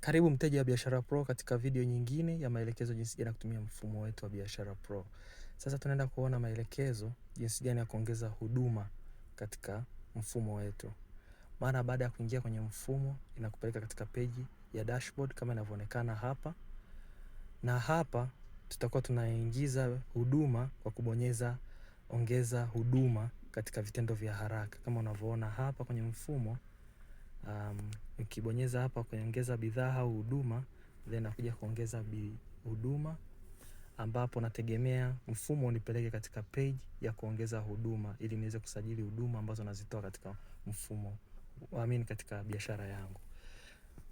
Karibu mteja wa Biashara Pro katika video nyingine ya maelekezo jinsi gani ya kutumia mfumo wetu wa Biashara Pro. Sasa tunaenda kuona maelekezo jinsi gani ya kuongeza huduma katika mfumo wetu. Mara baada ya kuingia kwenye mfumo, inakupeleka katika peji ya dashboard kama inavyoonekana hapa, na hapa tutakuwa tunaingiza huduma kwa kubonyeza ongeza huduma katika vitendo vya haraka kama unavyoona hapa kwenye mfumo um, ukibonyeza hapa kuongeza bidhaa au huduma, then nakuja kuongeza huduma ambapo nategemea mfumo unipeleke katika page ya kuongeza huduma ili niweze kusajili huduma ambazo nazitoa katika mfumo amini, katika biashara yangu.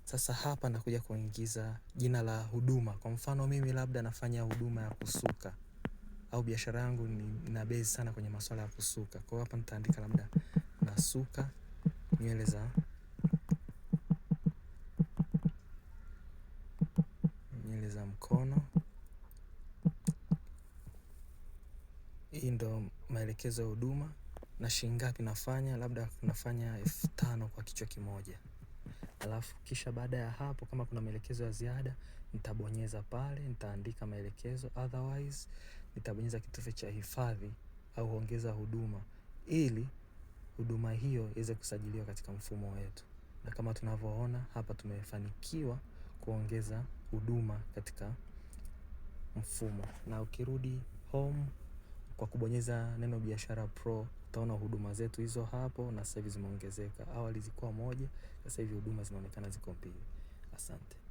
Sasa hapa nakuja kuingiza jina la huduma. Kwa mfano mimi labda nafanya huduma ya kusuka au biashara yangu ni ina base sana kwenye masuala ya kusuka. Kwa hiyo hapa nitaandika labda nasuka nywele za hii ndo maelekezo ya huduma na shilingi ngapi nafanya, labda nafanya elfu tano kwa kichwa kimoja. Alafu kisha baada ya hapo, kama kuna maelekezo ya ziada nitabonyeza pale, nitaandika maelekezo, otherwise nitabonyeza kitufe cha hifadhi au ongeza huduma, ili huduma hiyo iweze kusajiliwa katika mfumo wetu. Na kama tunavyoona hapa, tumefanikiwa kuongeza huduma katika mfumo, na ukirudi home kwa kubonyeza neno biashara pro utaona huduma zetu hizo hapo na sasa hivi zimeongezeka. Awali zilikuwa moja, sasa hivi huduma zinaonekana ziko mbili. Asante.